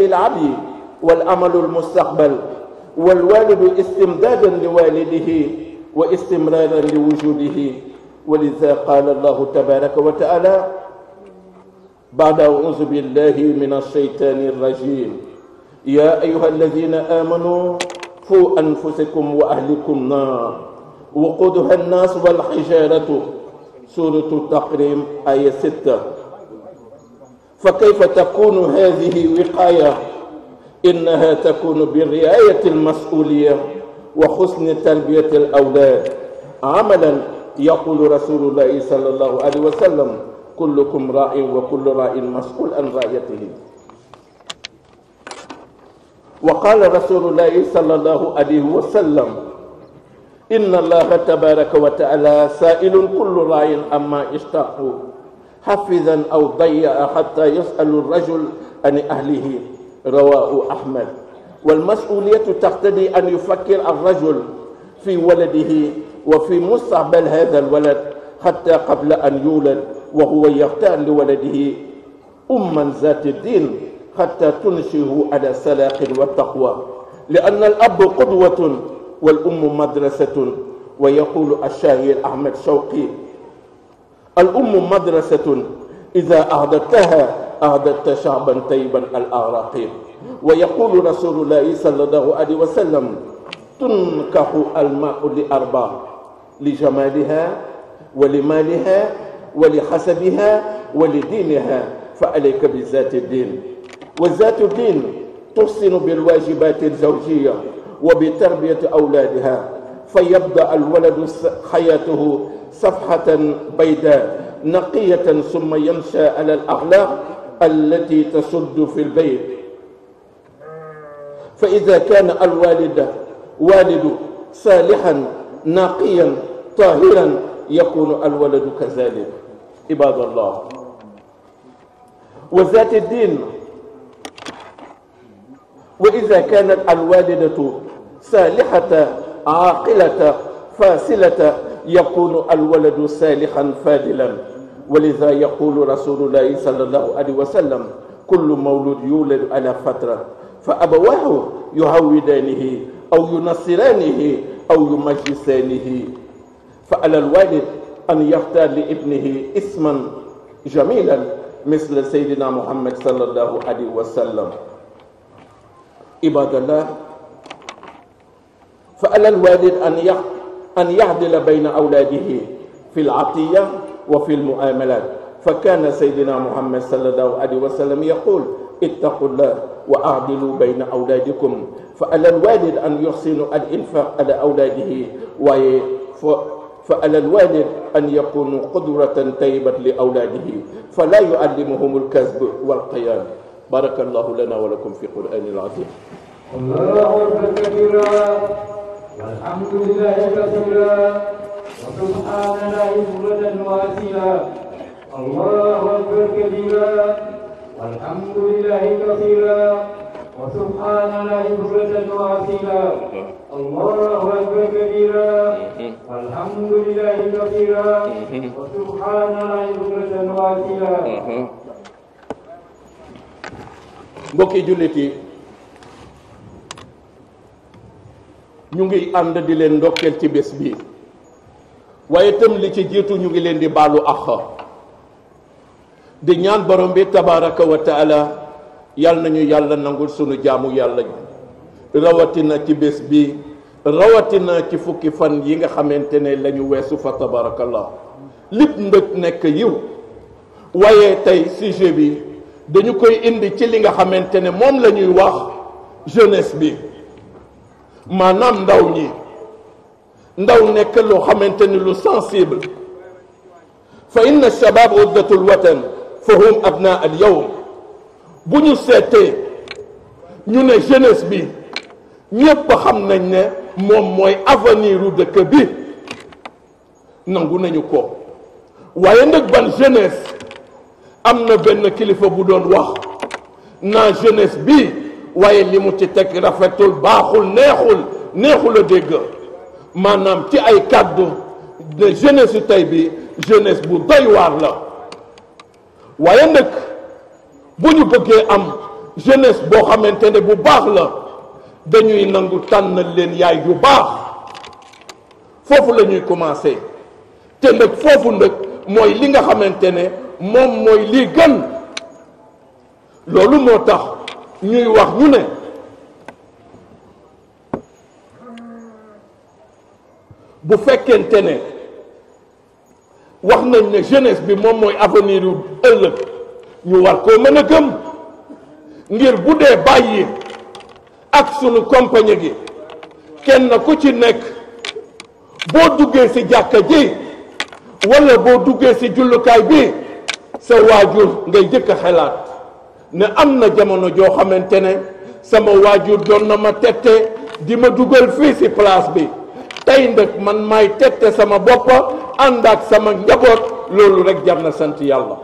للعبد والأمل المستقبل والوالد استمدادا لوالده واستمرارا لوجوده ولذا قال الله تبارك وتعالى بعد أعوذ بالله من الشيطان الرجيم يا أيها الذين آمنوا فوا أنفسكم وأهلكم نار وقودها الناس والحجارة سورة التقريم آية 6 فكيف تكون هذه وقاية إنها تكون برعاية المسؤولية وحسن تربية الأولاد عملا يقول رسول الله صلى الله عليه وسلم كلكم راع وكل راع مسؤول عن رعيته وقال رسول الله صلى الله عليه وسلم إن الله تبارك وتعالى سائل كل راع أما اشتاقه حفظا أو ضيع حتى يسأل الرجل عن أهله رواه أحمد والمسؤولية تقتضي أن يفكر الرجل في ولده وفي مستقبل هذا الولد حتى قبل أن يولد وهو يختار لولده أما ذات الدين حتى تنشئه على السلاق والتقوى لأن الأب قدوة والأم مدرسة ويقول الشاعر أحمد شوقي al ummu madrasatun ida ahdattaha ahdatta shaaban tayyiban al araqi wa yaqulu rasulullahi sallallahu alayhi wa sallam tunkahu al maau li arba li jamaliha wa li maaliha wa li xasabiha wa li diiniha fa alayka bi zaati diin wa zaatu diin tuhsinu bil waajibaati zawjiya wa bi tarbiyati awlaadiha fa yabda al waladu xayaatuhu صفحة بيداء نقية ثم يمشى على الأخلاق التي تسد في البيت فإذا كان الوالد والد صالحا نقيا طاهرا يكون الولد كذلك عباد الله وذات الدين وإذا كانت الوالدة صالحة عاقلة فاصلة yakunu alwaladu saalixan faadilan walida yaqulu rasulullahi sallallahu alayhi wa sallam kullu mawlud yuladu ala fatra fa abawaahu yuhawidaanihi aw yunassiraanihi aw yumajjisaanihi fa ala alwalid an yaxtaar li ibnihi isman jamilan misla sayyidina muhammad sallallahu alayhi wa sallam ibaadallah fa ala alwalid an yaxtaar أن يعدل بين أولاده في العطية وفي المؤاملات فكان سيدنا محمد صلى الله عليه وسلم يقول اتقوا الله وأعدلوا بين أولادكم فعلى الوالد أن يحسن الإنفاق على أولاده فعلى الوالد أن يكون قدرة طيبة لأولاده فلا يعلمهم الكذب والقيام بارك الله لنا ولكم في القرآن العظيم الله أكبر والحمد لله كثيرا وسبحان الله بكرة وأسيلا الله أكبر كبيرا والحمد لله كثيرا وسبحان الله بكرة وأسيلا الله أكبر كبيرا والحمد لله كثيرا وسبحان الله بكرة وأسيلا mbokki jullit yi ñu ngi ànd di leen ndokkeel ci bés bi waaye itam li ci jiitu ñu ngi leen di baalu àq di ñaan borom bi tabaraka wa taala yàlla nañu yàlla nangu sunu jaamu yàlla rawatina ci bés bi rawatina ci fukki fan yi nga xamante ne lañu ñu weesu fa tabarakallah lépp ndëg nekk yiw waaye tey sujet bi dañu koy indi ci li nga xamante ne moom lañuy wax jenes bi maanaam ndaw ñi ndaw nekk loo xamante ni lu sensible fa inna shabab uddatul watan fa hum abna al yawm bu ñu seetee ñu ne jeunesse bi ñépp xam nañ ne moom mooy aveniru dëkk bi nangu nañu ko waaye nag ban jeunesse am na benn kilifa bu doon wax naa jeunesse bi waaye li mu ci teg rafetul baaxul neexul neexul a dégg maanaam ci ay kàddu ne jeunesse tey bi jenes bu doy waar la waaye nag bu ñu bëggee am jeunesse boo xamante ne bu baax la dañuy nangu tànn leen yaay yu baax foofu la ñuy commencé te nag foofu nag mooy li nga xamante ne moom mooy lii gën loolu moo tax ñuy wax ñu ne bu fekkente ne wax nañ ne jeunesse bi moom mooy avenir yu ëllëg ñu war koo mën a gëm ngir bu dee bàyyi ak sunu compagnie gi kenn ku ci nekk boo duggee ci jàkka ji walla boo duggee ci jullukaay bi sa waajur ngay jëkk a xalaat ne am na jamono joo xamante ne sama waajur doon na ma tette di ma dugal fii ci place bi tey nag man may tette sama bopp ànd ak sama njaboot loolu rek jar na sant yàlla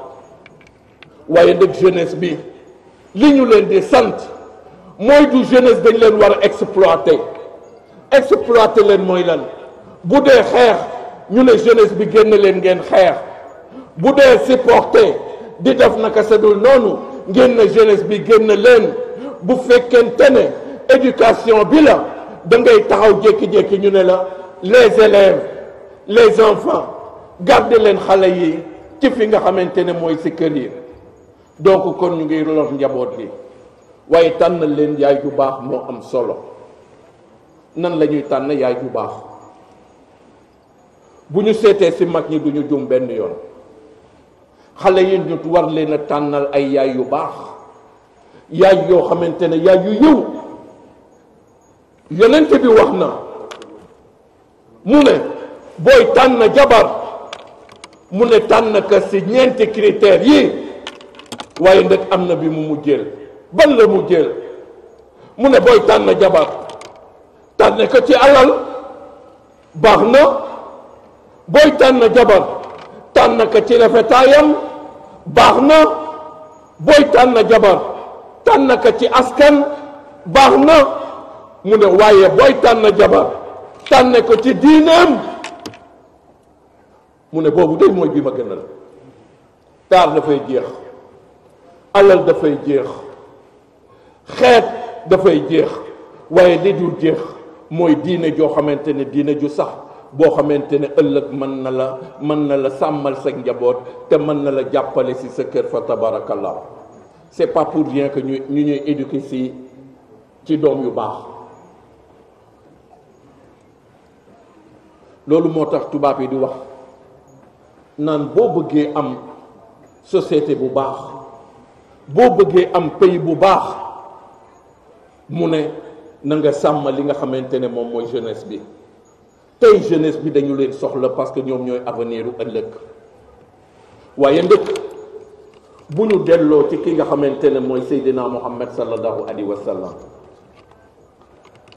waaye nag jeunesse bi li ñu leen di sant mooy du jeunesse dañ leen war a exploiter exploiter leen mooy lan bu dee xeex ñu ne jeunesse bi génn leen ngeen xeex bu dee supporter di def naka sadul noonu ngeen na jeunesse bi gën na leen bu fekkente ne éducation bi la da ngay taxaw jékki-jékki ñu ne la les élèves les enfants garde leen xale yi ci fi nga xamante ne mooy si kër donc kon ñu ngi lor njaboot li waaye tànn leen yaay ju baax moo am solo nan lañuy tànn yaay ju baax bu ñu seetee si mag ñi du jum benn yoon xale yi ñu war leen a tànnal ay yaay yu baax yaay yoo xamante ne yaay yu yëw yonent bi wax mu ne boy tànn jabar mu ne tànn ka si ñeenti critères yi waaye nag am na bi mu mujjeel ban mujjeel mu ne booy tànn jabar tànn ka ci alal baax na booy tànn jabar tànn ka ci rafetaayam baax na booy tànn jabar tànn ka ci askan baax na mu ne waaye booy tànn jabar tànne ko ci diineem mu ne boobu de mooy bi ma gënal taar dafay jeex alal dafay jeex xeet dafay jeex waaye li dul jeex mooy diine joo xamante ne diine ju sax boo xamante ne ëllëg mën na la mën na la sàmmal sa njaboot te mën na la jàppale si sa kër fa tabarakallah c'est pas pour rien que ñu ñu ñuy éduquer si ci doom yu baax loolu moo tax tubaab yi di wax naan boo bëggee am société bu baax boo bëggee am pays bu baax mu ne na nga sàmm li nga xamante ne moom mooy jeunesse bi tey jeunesse bi dañu leen soxla parce que ñoom ñooy avenir u ëllëg waaye ndëkk bu ñu delloo ci ki nga xamante ne mooy Seydina Muhammad sallallahu alayhi wa sallam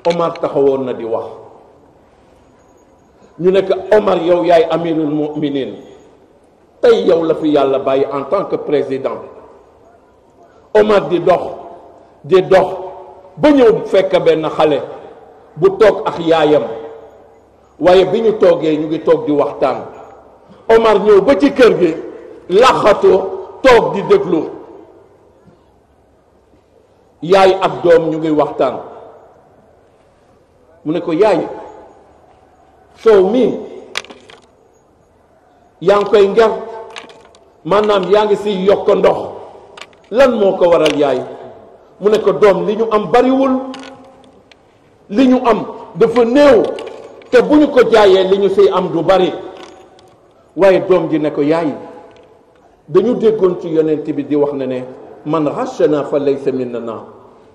Omar taxawoon na di wax ñu nekk Omar yow yaay amirul mu'minin tey yow la fi yàlla bàyyi en tant que président Omar di dox di dox ba ñëw fekk benn xale bu toog ak yaayam waaye bi ñu toogee ñu ngi toog di waxtaan Omar ñëw ba ci kër gi laxatu toog di déglu yaay ab doom ñu ngi waxtaan mu ne ko yaay soow mii yaa ngi koy nger maanaam yaa ngi si yokk ndox lan moo ko waral yaay mu ne ko doom li ñu am bariwul li ñu am dafa néew te bu ñu ko jaayee li ñu fiy am du bari waaye doom ji ne ko yaay dañu déggoon ci yonent bi di wax ne ne man rachana fa laysa minna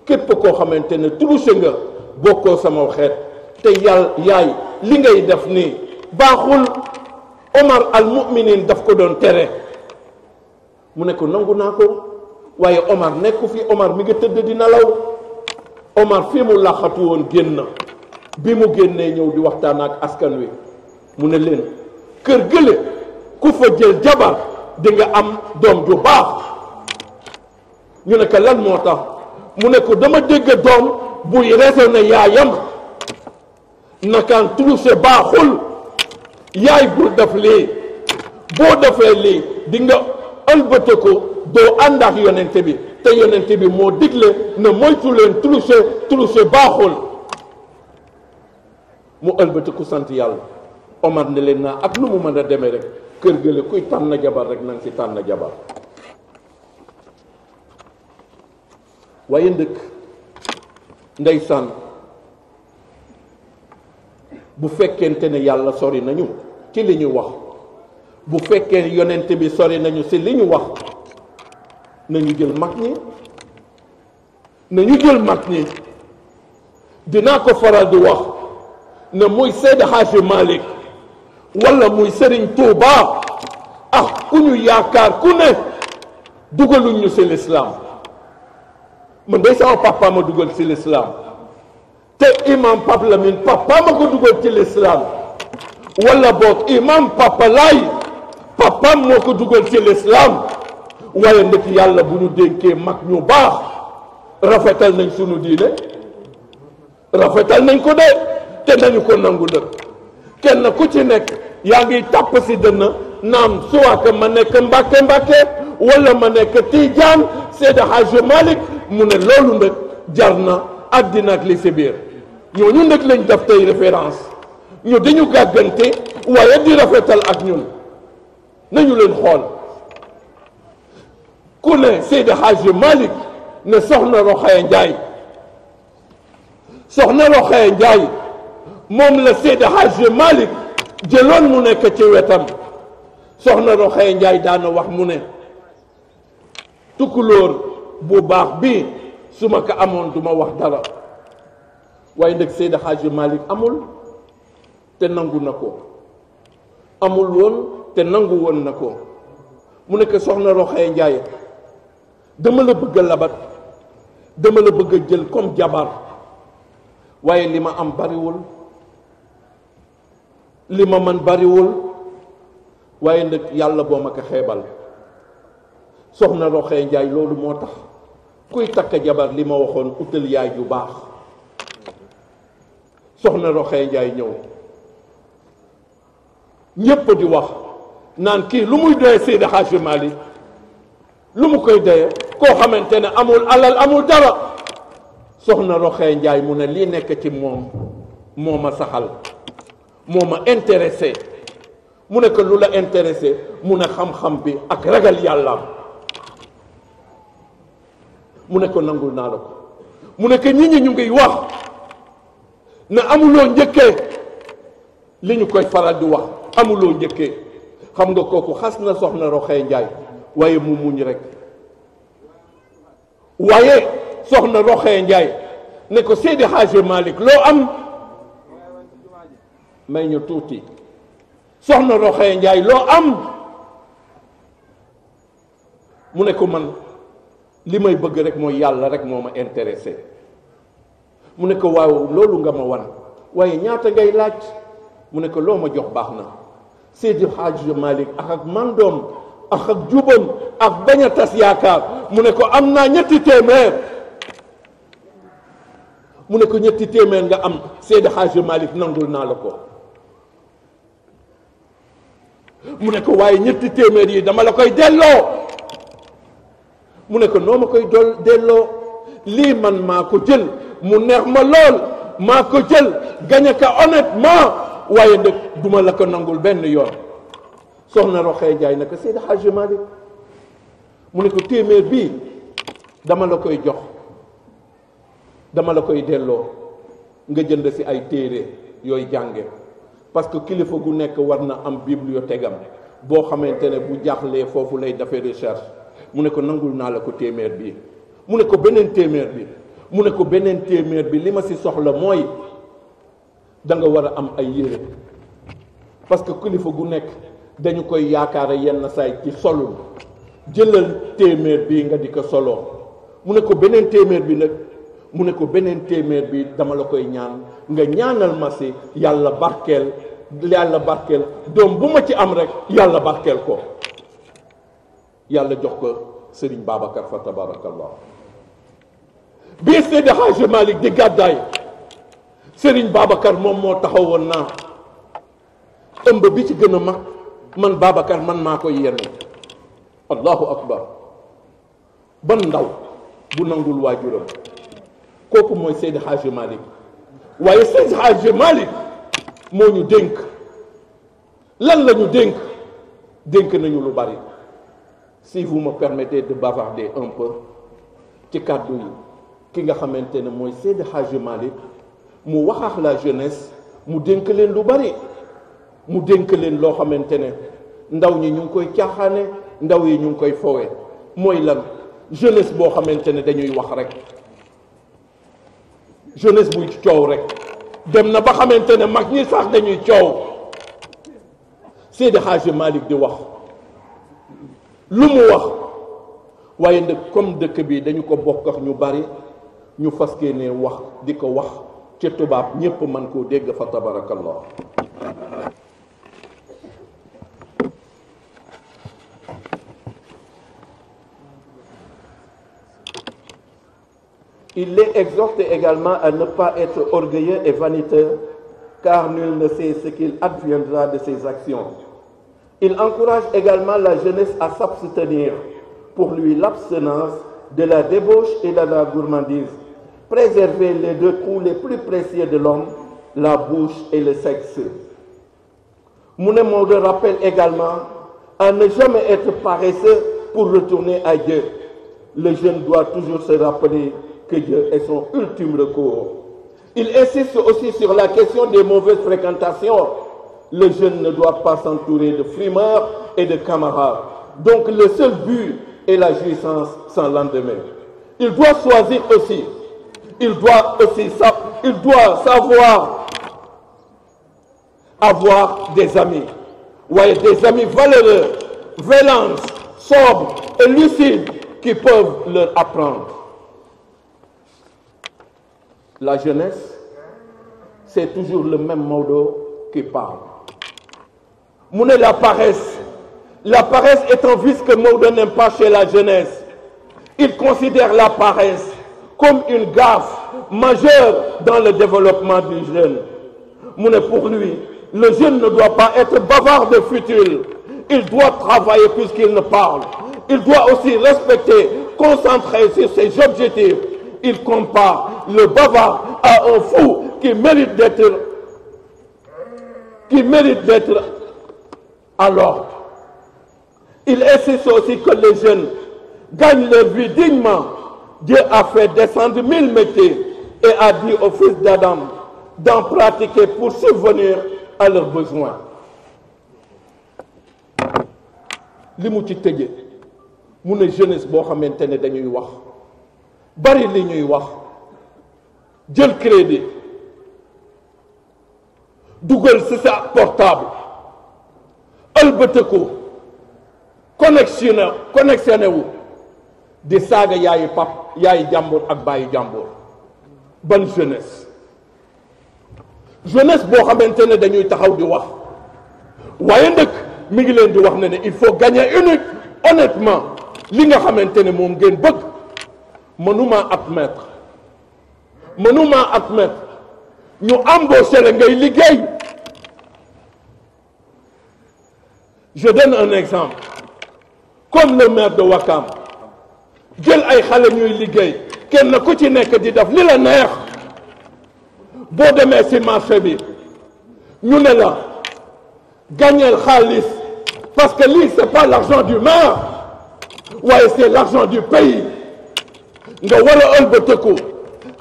képp koo xamante ne trouché nga bokkoo sama xeet te yàll yaay li ngay def nii baaxul omar al daf ko doon tere mu ne ko nangu naa ko waaye omar nekku fi omar mi nga tëdd di nelaw omar fii mu làqatu woon génn bi mu génnee ñëw di waxtaan ak askan wi mu ne leen kër gële ku fa jël jabar di am doom ju baax ñu ne ko lan moo tax mu ne ko dama dégg doom buy raisonné yaayam nakaan trousé baaxul yaay bul def lii boo defee lii di nga ëlbate ko doo ànd ak bi te yonente bi moo digle ne moytu leen trousé trousé baaxul mu ëlbatiku sant yàlla omar ne leen naa ak nu mu mën a demee rek kër gële kuy tànn jabar rek na nga si tànn jabar waaye ndëkk ndeysaan bu fekkente ne yàlla sori nañu ci li ñuy wax bu fekkee yonent bi sori nañu si li ñu wax nañu jël mag ñi nañu jël mag ñi dinaa ko faral di wax ne muy Seydi Hadji Malick wala muy Serigne Touba ak ah, ku ñu yaakaar ku ne dugaluñ ñu ci lislaam man day sama papa ma dugal ci lislaam te imam Pape Lamine papa ma ko dugal ci lislaam wala boog imam Papa Laay papam moo ko dugal ci lislaam waaye ndek yàlla bu ñu dénkee mag ñu baax rafetal nañ sunu diine rafetal nañ ko de te dañu ko nangu dëkk kenn ku ci nekk yaa ngi tàpp si dënn naam suwaaka ma nekk mbàkke mbàkke wala ma nekk tijaan Seydi Hadji Malick mu ne loolu ndëkk jar na àddina ak li si biir ñooñu ndëkk lañ def tey référence ñu di gàggante waaye di rafetal ak ñun nañu leen xool ku ne Seydi Hadji Malick ne soxna Rokhaya Njaay soxna Rokhaya Njaay moom la Seydi Hadji Malick jëloon mu nekk ci wetam soxna Roxaya Njaay daana wax mu ne tukkulóor bu baax bi su ma ko amoon duma wax dara waaye nag Seydi Hadji Malick amul te nangu na ko amul woon te nangu woon na ko mu nekk soxna Roxaya Njaay dama la bëgg a labat dama la bëgg jël comme jabar waaye li ma am bariwul li ma man bariwul waaye nag yàlla boo ma ko xeebal soxna roxee njaay loolu moo tax kuy takk jabar li ma waxoon utal yaay ju baax soxna roxee njaay ñëw ñépp di wax naan kii lu muy doyee Seydi Hadji Malick lu mu koy doyee koo xamante ne amul alal amul dara soxna roxee njaay mu ne lii nekk ci moom moo ma saxal moom ma intéressé mu nekk lu la intéressé mu ne xam-xam bi ak ragal yàllaam mu ne ko nangul naa la ko mu nekk ñi ñu ngiy wax na amuloo njëkkee li ñu koy faral di wax amuloo njëkkee xam nga kooku xas na soxna Roxee Njaay waaye mu muñ rek waaye soxna Roxee Njaay ne ko Seydi Haaji Malick loo am may ñu tuuti soxna Roxee Njaay loo am mu ne ko man li may bëgg rek mooy yàlla rek moo ma intéressé mu ne ko waaw loolu nga ma wan waaye ñaata ngay laaj mu ne ko loo ma jox baax na Seydi Hadji Malick ak ak mandoom ak ak jubam ak bañ a tas yaakaar mu ne ko am naa ñetti téeméer mu ne ko ñetti téeméer nga am Seydi Hadji Malick nangul naa la ko mu ne ko waaye ñetti téeméer yi dama la koy delloo mu ne ko noo ma koy dol delloo lii man maa ko jël mu neex ma lool maa ko jël gañe ka honnêtement waaye ndëg duma la ko nangul benn yoon soxna Roxee jaay na ko Seydi Hajji mu ne ko téeméer bi dama la koy jox dama la koy delloo nga jënd si ay téeree yooyu jànge parce que kilifa gu nekk war na am bibliothèque am boo xamante ne bu jaaxlee foofu lay defee recherche mu ne ko nangul naa la ko téeméer bi mu ne ko beneen téeméer bi mu ne ko beneen téeméer bi li ma si soxla mooy da nga war a am ay yére parce que kilifa gu nekk dañu koy yaakaara yenn saay ci solul jëlal téeméer bi nga di ko soloo mu ne ko beneen téeméer bi nag mu ne ko beneen téeméer bi dama la koy ñaan nga ñaanal ma si yàlla barkeel yàlla barkeel doom bu ma ci am rek yàlla barkeel ko yàlla jox ko sëriñ Babacar fa tabarakallah bi Seydi Hadji Malick di gàddaay sëriñ Babacar moom moo taxawoon naa ëmb bi ci gën a mag man Babacar man maa koy yenn allahu akbar ban ndaw bu nangul waajuram kooku mooy Seydi Hadji Malick waaye Seydi Hadji Malick moo ñu dénk lan la ñu dénk dénk nañu lu bari si vous me permettez de bavarder un peu ci kàddu yi ki nga xamante ne mooy Seydi Hadji Malick mu waxaax la jeunesse mu dénk leen lu bari mu dénk leen loo xamante ne ndaw ñi ñu ngi koy caaxaane ndaw yi ñu ngi koy fowe mooy lan jeunesse boo xamante ne dañuy wax rek jeunesse buy coow rek dem na ba xamante ne mag ñi sax dañuy coow Seydi Hadji Malick di wax lu mu wax waaye nag comme dëkk bi dañu ko bokk ñu bari ñu fas ne wax di ko wax ci tubaab ñépp man koo dégg fa tabarakallah Il les exhorte également à ne pas être orgueilleux et vaniteux, car nul ne sait ce qu'il adviendra de ses actions. Il encourage également la jeunesse à s'abstenir, pour lui l'abstinence de la débauche et de la gourmandise, préserver les deux coups les plus précieux de l'homme, la bouche et le sexe. Mounemonde rappelle également à ne jamais être paresseux pour retourner à Dieu. Le jeune doit toujours se rappeler que Dieu est Il insiste aussi sur la question des mauvaises fréquentations. Le jeune ne doit pas s'entourer de frimeurs et de camarades. Donc le seul but est la jouissance sans lendemain. Il doit choisir aussi. Il doit savoir des amis. valeureux, vélants, sobres et lucides qui peuvent leur apprendre. la jeunesse, c'est toujours le même Maodo qui parle. Mouné la paresse. La paresse est un vice que Maodo n'aime pas chez la jeunesse. Il considère la paresse comme une gaffe majeure dans le développement du jeune. Mouné pour lui, le jeune ne doit pas être bavard de futile. Il doit travailler puisqu'il ne parle. Il doit aussi respecter, concentrer sur ses objectifs Il compare le bavard à un fou qui mérite d'être qui à l'ordre. Il insiste aussi que les jeunes gagnent leur vie dignement. Dieu a fait métiers et a dit aux fils d'Adam d'en pratiquer pour subvenir à leurs besoins. li mu ci tëje mu ne jeunesse boo xamante ne dañuy wax bari li ñuy wax jël crédit dugal ci sa portable ëlbëtëku connexionné connexionné wu di saaga yaayu pap yaayu jàmbur ak bàyyi jàmbur ban jeunesse jeunesse boo xamante ne dañuy taxaw di wax waaye ndëkk mu ngi leen di wax ne ne il faut gagner unique honnêtement li nga xamante ne moom ngeen bëgg mënumaa admettre mënumaa admettre ñu embauché liggéey je donne un exemple comme le maire de Wakam jël ay xale ñuy liggéey kenn ku ci nekk di def li la neex boo demee ci marché bi ne la gagneel xaalis parce que li c'est pas l'argent du maire waaye c'est l'argent du pays nga war a ëlbatiku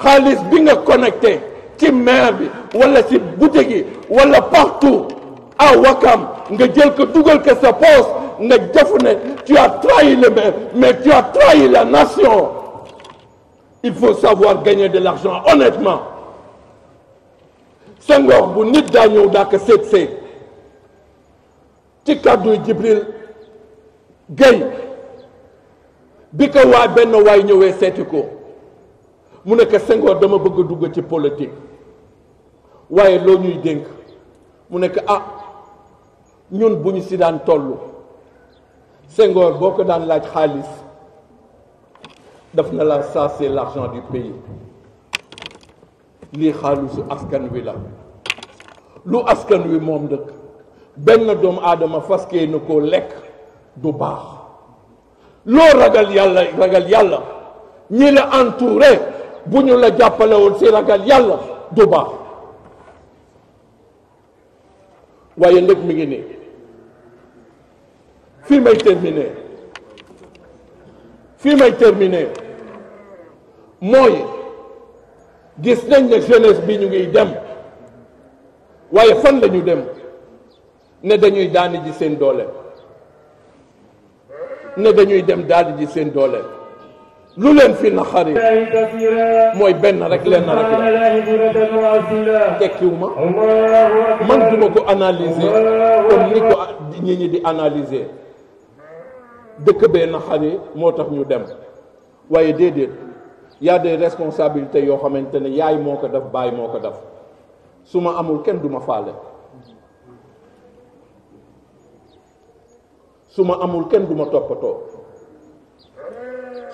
xaalis bi nga connecté ci maire bi wala ci boutique yi wala partout à Wakam nga jël ko dugal ko sa poche nga jëf ne tu as trahi le maire mais tu as trahi la nation il faut savoir gagner de l'argent honnêtement Senghor bu nit daa ñëw daa ko seet seet ci kàddu Jibril Gueye bi ko waa benn waay ñëwee seeti ko mu nekk ko dama bëgg a dugg ci politique waaye loo ñuy dénk mu nekk ko ah ñun bu ñu si daan tollu Senghor boo ko daan laaj xaalis daf na la ça c'est l'argent du pays lii xaalisu askan wi la lu askan wi moom dëkk benn doomu aadama faskee na koo lekk du baax loo ragal yàlla ragal yàlla ñi la entouré bu ñu la jàppale woon si ragal yàlla du baax waaye nag mi ngi nii fii may terminé fii may terminé mooy gis nañ ne jeunesse bi ñu ngiy dem waaye fan la dem ne dañuy daani ji seen doole ne dañuy dem daal di seen dooleel lu leen fi naxari mooy benn rek lenn rek la tekkiwuma man duma ko analyser comme ni ko ñi ñi di analyser dëkk bee naxari moo tax ñu dem waaye déedéet y a des yoo xamante ne yaay moo ko def baay moo ko def su ma amul kenn du ma faale su ma amul kenn du ma toppatoo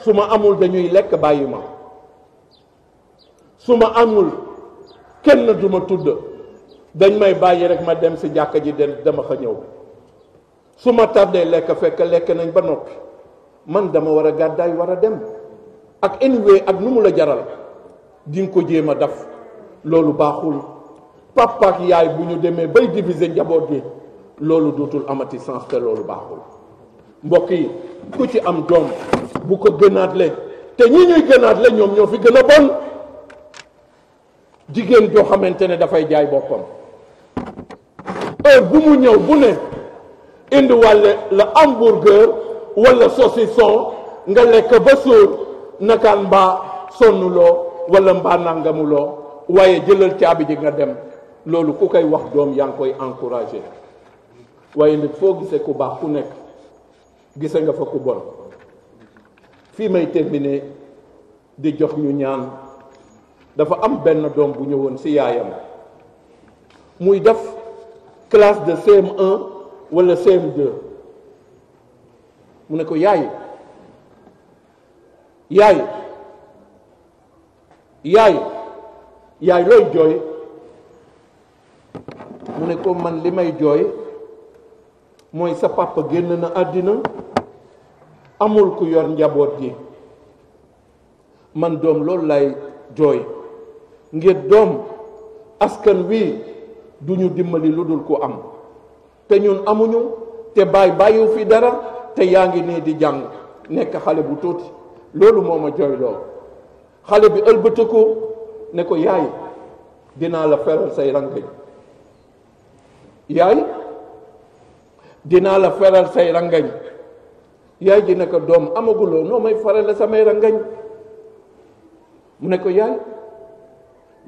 su ma amul dañuy lekk bàyyi ma su ma amul kenn duma tudd dañ may bàyyi rek ma dem si jàkka ji dem dama xa ñëw su ma tardee lekk fekk lekk nañ ba noppi man dama war a gàddaay war a dem ak anyway ak nu mu la jaral di ko jéem a daf loolu baaxul papa ak yaay bu ñu demee bay diviser njaboot gi loolu dootul amati sens te loolu baaxul mbokk yi ku ci am doom bu ko gënaat le te ñi ñuy gënaat le ñoom ñoo fi gën a bon jigéen joo xamante ne dafay jaay boppam heure bu mu ñëw bu ne indi wàlle la hamburger wala saucisson nga lekk ba suur nakaan mbaa sonnuloo wala mbaa nangamuloo waaye jëlal caabi ji nga dem loolu ku koy wax doom yaa ngi koy encouragé waaye nag foo gisee ku baax ku nekk gise nga fa ku bon fii may terminer di jox ñu ñaan dafa am benn doom bu ñëwoon ci yaayam muy def classe de CM1 walla cm mu ne ko yaay yaay yaay yaay looy jooy mu ne ko man li may jooy mooy sa papa génn na àddina amul ku yor njaboot gi man doom loolu lay jooy ngir doom askan wi du ñu dimbali lu dul ku am te ñun amuñu te baay bàyyiwu fi dara te yaa ngi nii di jàng nekk xale bu tuuti loolu moo ma jooy lool xale bi ëlbëtëku ne ko yaay dinaa la feral say rangañ yaay dinaa la feral say rangañ yaay ji ne doom amaguloo noo may farale samay rangañ mu ne ko yaay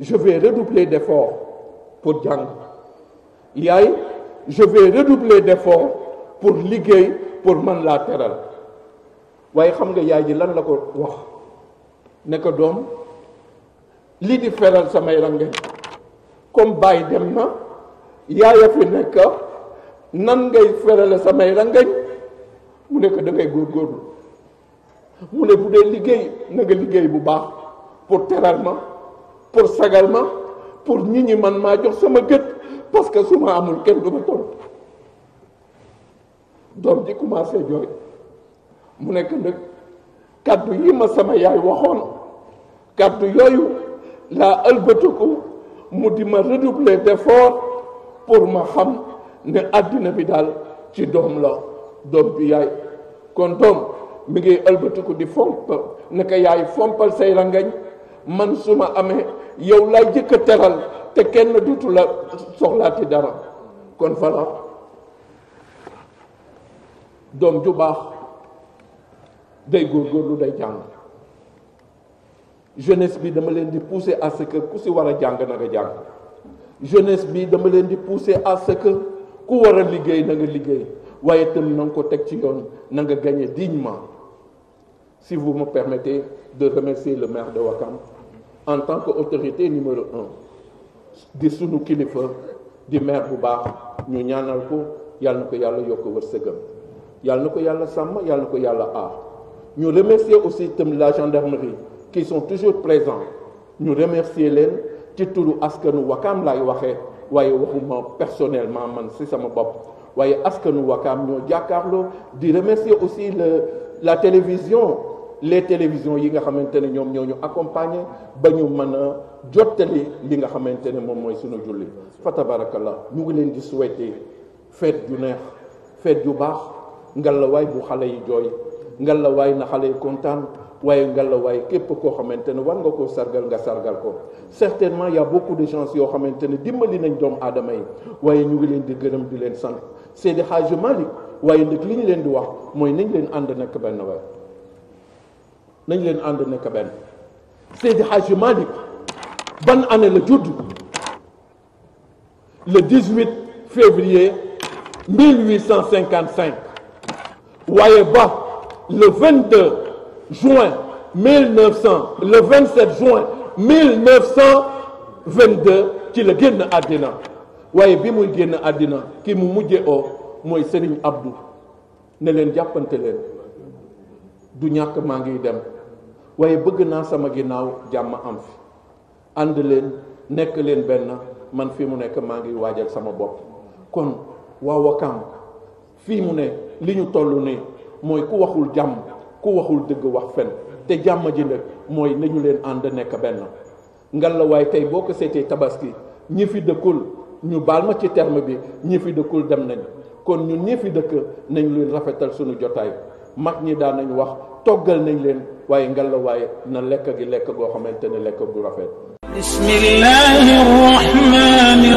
je vais redoubler d'efforts pour jàng yaay je vais redoubler d'efforts pour liggéey pour man laa teral waaye xam nga yaay ji lan la ko wax ne ko doom lii di feral samay rangañ comme baay dem na yaaya fi nekk nan ngay ferale samay rangañ mu ne ko da ngay góorgóorlu mu ne bu dee liggéey na liggéey bu baax pour teral ma pour sagal ma pour nit ñi man maa jox sama gët parce que su ma amul kenn du ma torop doom ji commencé jooy mu nekk nag kàddu yi ma sama yaay waxoon kàddu yooyu laa ëlbatiku mu di ma redoubler d'effort pour ma xam ne àddina bi daal ci doom la doom bi yaay kon doom mi ngi ëlbatiku di fomp naka yaay fompal say rangañ man suma amee yow lay jëkk a teral te kenn dutu la soxlaati dara kon fala doom ju baax day góorgóorlu day jàng jeunesse bi dama leen di pousser à ku si war a jàng na nga jàng jeunesse bi dama leen di pousser à ku war a liggéey na nga liggéey waaye itam na ko teg ci yoon na nga gagné dignement si vous me permettez de remercier le maire de Wakam en tant que autorité numéro un di sunu kilifa di maire bu baax ñu ñaanal ko yàlla na ko yàlla yokk wërsëgam yàlla na ko yàlla sàmm yàlla na ko yàlla aar ñu remercier aussi itam la gendarmerie qui sont toujours présents ñu remercier leen ci turu askanu Wakam lay waxee waaye waxuma personnellement man si sama bopp waaye askanu Wakaam ñoo jàkkaarloo di remercier aussi le la télévision les télévisions yi nga xamante ne ñoom ñoo ñu accompagner ba ñu mën a jottali li nga xamante ne moom mooy suñu julli fa la ñu ngi leen di souhaiter fête ju neex fête ju baax ngalawaay bu xale yi jooy ngalawaay na xale yi kontaan. waaye ngelaw waaye képp koo xamante ne war nga koo sargal nga sargal ko certainement y a beaucoup de gens yoo xamante ne dimbali nañ doom aadama yi waaye ñu ngi leen di gërëm di leen sant Seydi Hadji Malick waaye nag li ñu leen di wax mooy nañ leen ànd nekk benn waay nañ leen ànd nekk benn Seydi Hadji Malick ban année la judd le 18 février 1855 waaye ba le juin 1900 le 27 juin 1922 ci la génn àddina waaye bi muy génn àddina ki mu mujje oo mooy Serigne Abdou ne leen jàppante leen du ñàkk maa ngi dem waaye bëgg naa sama ginnaaw jàmm am fi ànd leen nekk leen benn man fi mu nekk maa ngi waajal sama bopp kon waa Wakaam fii mu ne li ñu toll nii mooy ku waxul jàmm ku waxul dëgg wax fen te jàmm ji nag mooy nañu leen ànd nekk benn ngallaawaay tey boo ko seetee tabaski ñi fi dëkkul ñu baal ma ci terme bi ñi fi dëkkul dem nañ kon ñun ñi fi dëkk nañ leen rafetal suñu jotaay mag ñi daan nañ wax toggal nañ leen waaye ngallaawaay na lekk gi lekk goo xamante ne lekk bu rafet. bismillahi rahmani